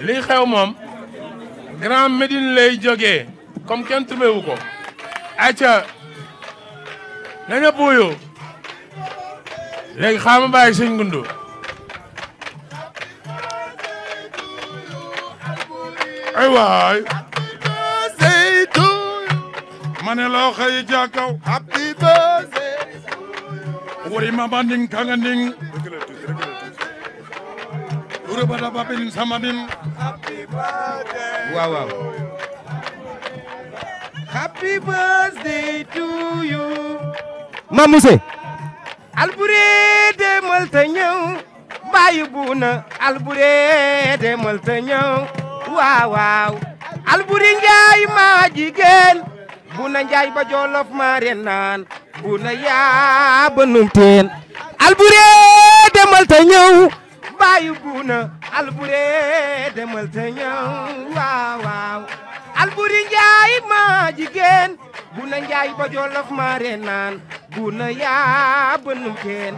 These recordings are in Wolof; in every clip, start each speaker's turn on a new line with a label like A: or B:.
A: li xew moom Grand Médine lay jógee comme kenn trouvé wu ko acca na ñëpp wuyu xaama bàyyi sëñ Ngundu waay ma ne loo xëy happy birthday wuri ma ba nding ka nga nding urubata babin samadin happy birthday waaw waaw happy birthday to you Mame Moussé Alboury demal te ñëw bàyyi buuna Alboury demal te ñëw waaw waaw Alboury Njaay maa jigéen Njaay ba Jolof maa naan buuna yaa ba numteen Alboury demal te ñëw yaayu buuna alburee demal te ñëw waaw waaw njaay ma jigéen buuna njaay ba jolof ma renaan buuna yaa bënum teen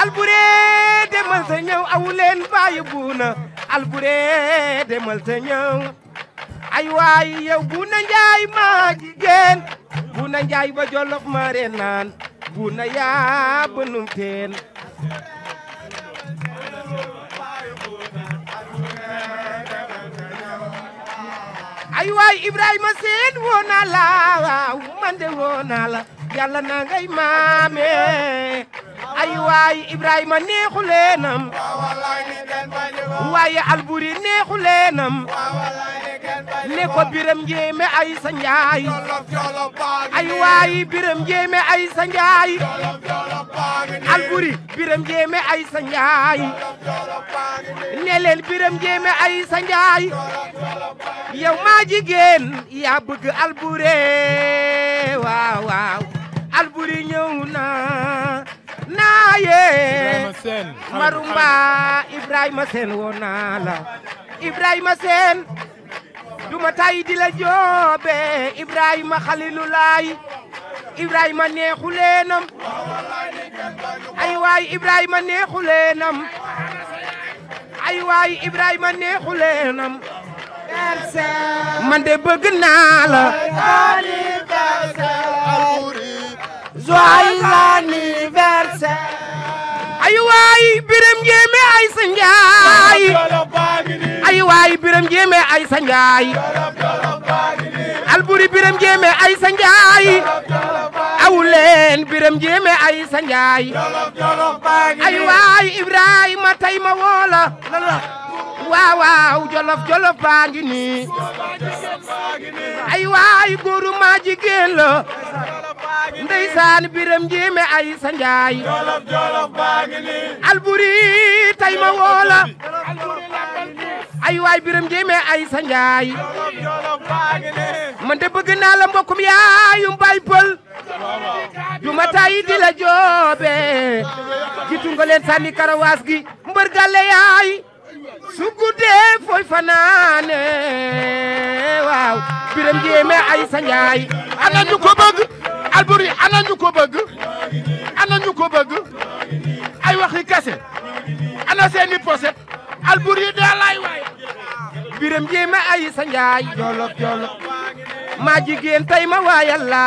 A: alburee demal te ñëw awu leen baayu buuna alburee demal yow buuna njaay ma jigéen buuna njaay ba jolof ma renaan buuna yaa bënum ay waay Ibrahima Seen woo la waaw man de la yàlla na ngay maame ay waay Ibrahima neexu leenam waaye Alburi neexu leenam ne ko biram njéeme ay sa njaay ay waayi biram njéeme ay sa njaay alburi biram njéeme ay sa njaay ne leen biram njéeme ay njaay yow maa jigéen yaa bëgg albure waaw waaw alburi ñëw na naaye marumba Ibrahima Sène woo naa la Ibrahima Sène duma tay di la joobe Ibrahima Xalilulaay Ibrahima neexu leenam ay waay Ibrahima neexu leenam ay waay Ibrahima neexu leenam man de bëgg naa la joyeux anniversaire ay waay Biram ay sa waay biram jéeme ay sa njaay alburi biram jéeme ay sa njaay aw leen biram jéeme ay sa njaay jolof jolof baa ngi nii ay waay góoru maa jigéen la ndeysaan biram jéeme ay sa njaay alburi tey ma woola ay waay biram jéy mee ay sa njaay man bëgg naa la mbokkum yaayum bay pël du di la joobe jitu nga leen karawaas gi mbër gàlle yaay su guddee fanaane waaw biram jéy mee njaay biram jéema ay sa njaay jolof jolof jigéen tey ma waa yàlla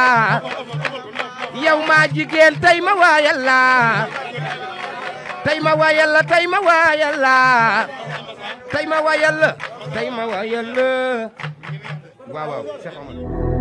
A: yow maa jigéen tey ma waa yàlla tey ma waa yàlla tey ma waa yàlla tey ma waa yàlla tey ma waa yàlla waaw waaw